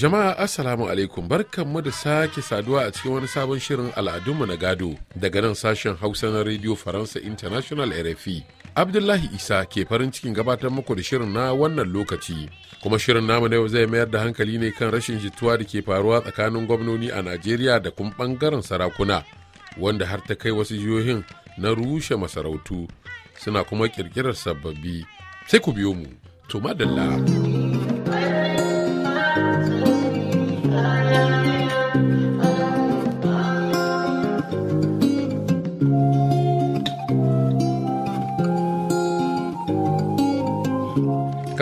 Jama'a Assalamu alaikum barkanmu da sake saduwa a cikin wani sabon shirin al'adunmu na gado daga nan sashen Hausa na Radio Faransa International RFI. Abdullahi Isa ke farin cikin gabatar muku da shirin na wannan lokaci. Kuma shirin namu na yau zai mayar da hankali ne kan rashin jituwa da ke faruwa tsakanin gwamnoni a Najeriya da kuma bangaren sarakuna wanda har ta kai wasu jihohin na rushe masarautu suna kuma kirkirar sababbi. Sai ku biyo mu. To madalla.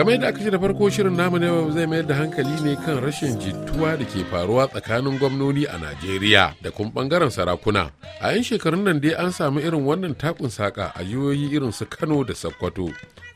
kamar yadda aka ce da farko shirin namu na yau zai mayar da hankali ne kan rashin jituwa da ke faruwa tsakanin gwamnoni a najeriya da kuma bangaren sarakuna a yan shekarun nan dai an samu irin wannan takun saka a jihohi irin su kano da sokoto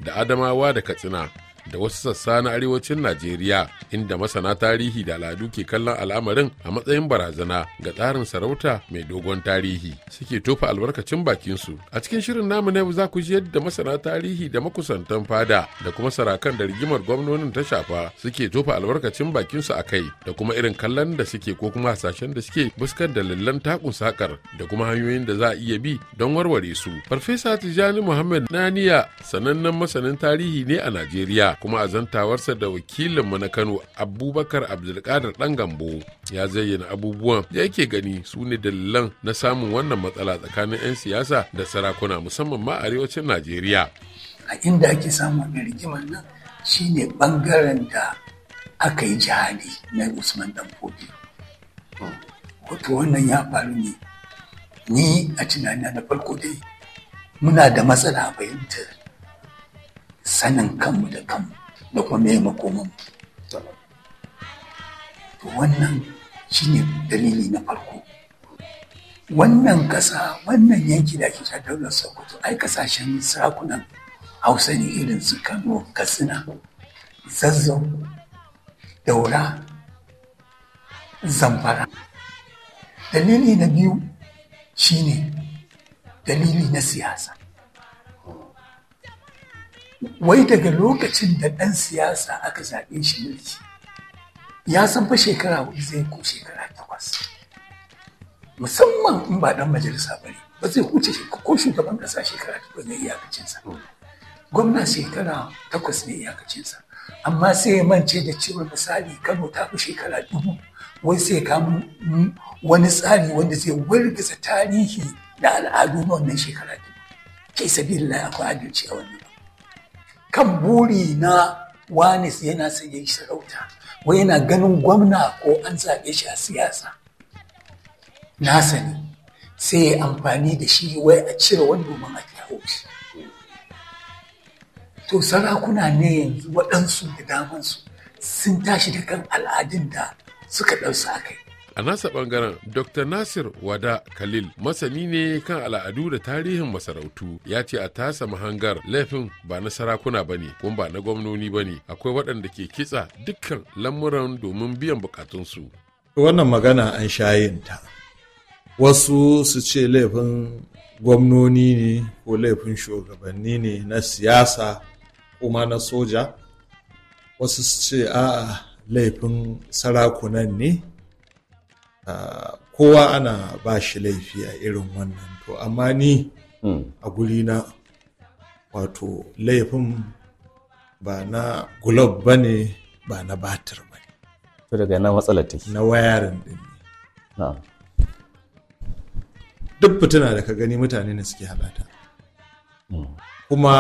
da adamawa da katsina da wasu sassa na arewacin Najeriya inda masana tarihi da al'adu ke kallon al'amarin a matsayin barazana ga tsarin sarauta mai dogon tarihi suke tofa albarkacin bakinsu. A cikin shirin namu na yau za ku ji yadda masana tarihi da makusantan fada da kuma sarakan da rigimar gwamnonin ta shafa suke tofa albarkacin bakinsu a kai da kuma irin kallon da suke ko kuma hasashen da suke buskar da lallan takun sakar da kuma hanyoyin da za a iya bi don warware su. Farfesa Tijjani Muhammad Naniya sanannen masanin tarihi ne a Najeriya. kuma a zantawarsa da wakilinmu na Kano Abubakar Abdulkadir Dan Gambo ya zayyana abubuwan da yake gani su ne dalilan na samun wannan matsala tsakanin 'yan siyasa da sarakuna musamman ma arewacin Najeriya. A inda ake samun rigimar nan shine bangaren da aka yi jihadi na Usman Danfobi. Wato wannan ya faru ne ni a tunanina na farko dai muna da matsala a fahimtar sanin kanmu da kanmu da kuma me makoman to wannan ne dalili na farko wannan kasa wannan yanki da ake cewa daular sokoto ai kasashen sarakunan hausa ne irin su kano katsina zazzau daura zamfara dalili na biyu shi ne dalili na siyasa wai daga lokacin da ɗan siyasa aka zaɓe shi mulki ya san fa shekara hudu zai ko shekara takwas musamman in ba ɗan majalisa ba ne ba zai huce ko shugaban ƙasa shekara takwas ne iyakacinsa gwamna shekara takwas ne iyakacinsa amma sai ya mance da cewa misali kano ta fi shekara dubu wai sai kama wani tsari wanda zai wargaza tarihi da al'adu na wannan shekara dubu kai sabi akwai adalci a wannan kan buri na wanis yana son ya yi sarauta wai yana ganin gwamna ko an zaɓe shi a siyasa na sani sai ya amfani da shi wai a cire wani domin a kyawo shi to sarakuna ne yanzu waɗansu da damansu sun tashi da kan al'adun da suka ɗausa sa kai A nasa ɓangaren, Dr. Nasir Wada Khalil masani ne kan al'adu da tarihin masarautu ya ce a tasa mahangar laifin ba na sarakuna ba ne kuma ba na gwamnoni ba ne akwai waɗanda ke kitsa dukkan lamuran domin biyan bukatunsu. Wannan magana an shayinta. Wasu su ce laifin gwamnoni ne ko laifin shugabanni ne na siyasa kuma na soja. Wasu su ce a'a laifin sarakunan ne. Ah, kowa ana ba shi laifi a irin wannan to amma ni hmm. a guri na wato laifin ba na gulob ba ne ba na batir ba ne to daga na matsalar take na wayarin din ne duk fitina da ka gani mutane ne suke halata hmm. kuma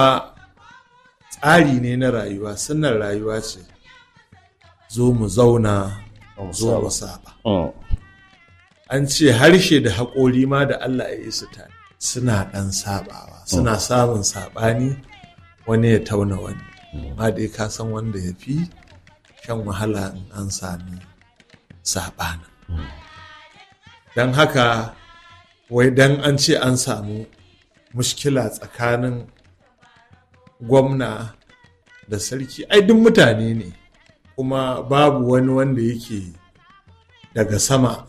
tsari ne na rayuwa sannan rayuwa ce zo mu zauna zo mu saba hmm. an ce harshe da haƙori ma da Allah ya isa ta suna ɗan sabawa suna oh. samun saɓani wani ya tauna wani oh. ma dai ka san wanda ya fi shan wahala in an sami saɓana hmm. don haka wai don an ce an samu mushkila tsakanin gwamna da sarki ai duk mutane ne kuma babu wani wanda yake daga sama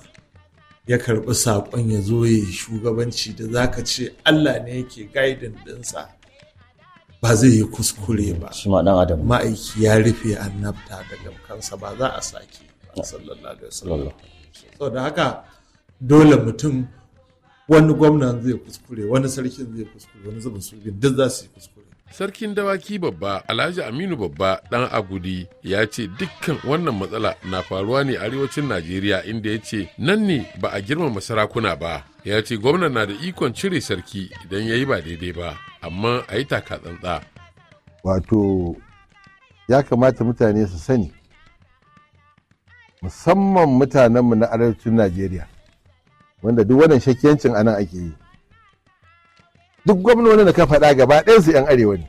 ya karɓi saƙon ya zo ya shugabanci da za ka ce Allah ne yake gaidin ɗinsa ba zai yi kuskure ba. Shi ma ɗan Adam. Ma'aiki ya rufe annabta da kansa ba za a sake sallallahu da haka dole mutum wani gwamnan zai kuskure wani sarkin zai kuskure wani zubin sulhin duk za su yi kuskure. Sarkin dawaki babba Alhaji Aminu babba dan Agudi ya ce dukkan wannan matsala na faruwa ne arewacin Najeriya inda ya ce nan ne ba a girmama sarakuna ba. Ya ce gwamna na da ikon cire sarki idan ya yi ba daidai ba, amma a yi taka tsantsa. Wato ya kamata mutane su sani, musamman mutanenmu na arewacin Najeriya, wanda duk wannan shakiyancin anan ake yi. duk gwamnoni da ka faɗa gaba ɗaya su 'yan arewa ne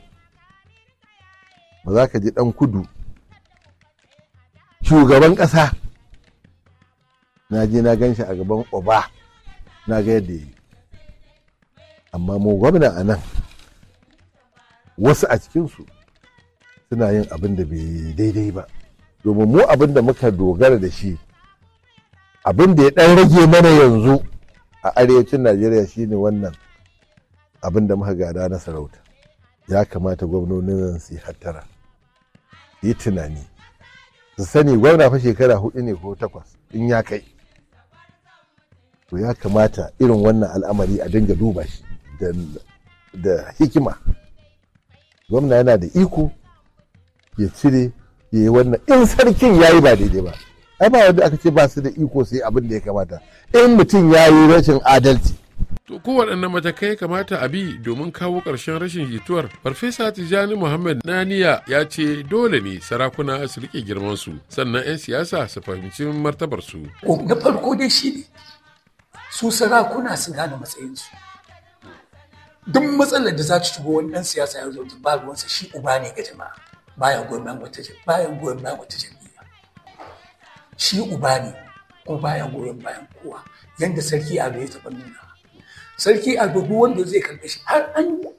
ba za ka ji ɗan kudu shugaban ƙasa na je na gan shi a gaban oba na ga yadda yi amma mu gwamna a nan wasu a cikinsu suna yin abin da bai daidai ba domin mu abin da muka dogara da shi abin da ya ɗan rage mana yanzu a arewacin najeriya shine wannan abin da muka gada na sarauta ya kamata gwamnonin su yi hattara yi tunani su sani gwamna fa shekara hudu ne ko takwas in ya kai to ya kamata irin wannan al'amari a dinga duba shi da hikima gwamna yana da iko ya cire ya yi wannan in sarkin ya yi ba daidai ba ai ba wanda aka ce ba su da iko sai abin da ya kamata in mutum ya yi rashin adalci To waɗannan matakai kamata a bi domin kawo ƙarshen rashin jituwar? Farfesa Tijjani Muhammad Naniya ya ce dole ne sarakuna su riƙe girmansu sannan 'yan siyasa su fahimci martabarsu. Na farko dai shi ne su sarakuna su gane matsayinsu. Duk matsalar da za ta shigo wani ɗan siyasa ya zo ba ruwansa shi uba ne ga jama'a bayan goyon bayan wata bayan jam'iyya. Shi uba ne ko bayan goyon bayan kowa yanda sarki a ya taɓa nuna. sarki albubu wanda zai karɓe shi har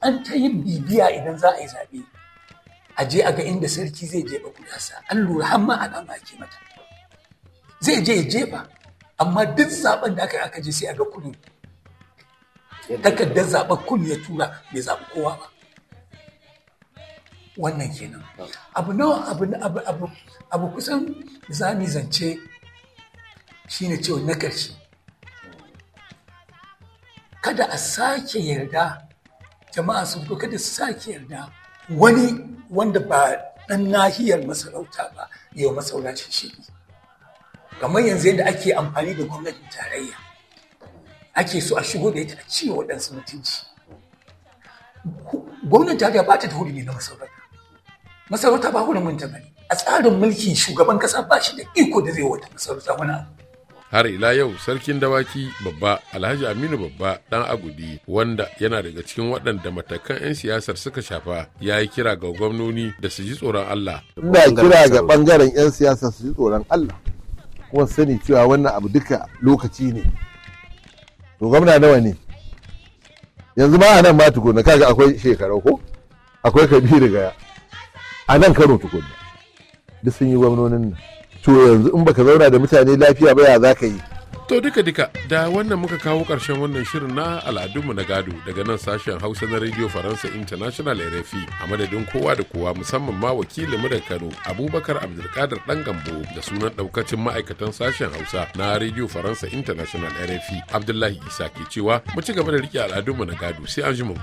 an ta yin bibiya idan za a yi zaɓe a je a ga inda sarki zai jefa kudansa an lura har ma alama ake mata zai je ya jefa amma duk zaɓen da aka yi aka je sai a ga kudu takardar zaɓen kun ya tura bai zaɓi kowa ba wannan kenan abu nawa abu abu abu kusan zami zance shine cewa na ƙarshe kada a sake yarda jama'a sun fito kada su sake yarda wani wanda ba ɗan nahiyar masarauta ba yau masauracin shi kamar yanzu yadda ake amfani da gwamnatin tarayya ake so a shigo da ita a ciwo waɗansu mutunci gwamnatin tarayya ba ta da na masarauta masarauta ba hurumin ta bane a tsarin mulkin shugaban kasa ba shi da iko da zai wata masarauta wani abu har ila yau sarkin dawaki babba alhaji aminu babba dan agudi wanda yana daga cikin waɗanda matakan 'yan siyasar suka shafa ya yi kira ga gwamnoni da su ji tsoron allah ina kira ga ɓangaren 'yan siyasa su ji tsoron allah kuma sani cewa wannan abu duka lokaci ne to gwamna nawa ne yanzu ba a nan ba tukuna kaga akwai shekaru ko akwai kabiru gaya a nan kano tukuna duk sun yi gwamnonin nan to yanzu in baka zauna da mutane lafiya ba ya za ka yi To duka-duka da wannan muka kawo ƙarshen wannan shirin na al'adunmu na gado daga nan sashen Hausa na Radio Faransa International RFI a madadin kowa da kowa musamman ma wakilinmu da Kano Abubakar Abdulkadir dan Gambo da sunan daukacin ma'aikatan sashen Hausa na Radio Faransa International RFI Abdullahi Isa ke cewa mu ci gaba da rike al'adunmu na gado sai an ji mu.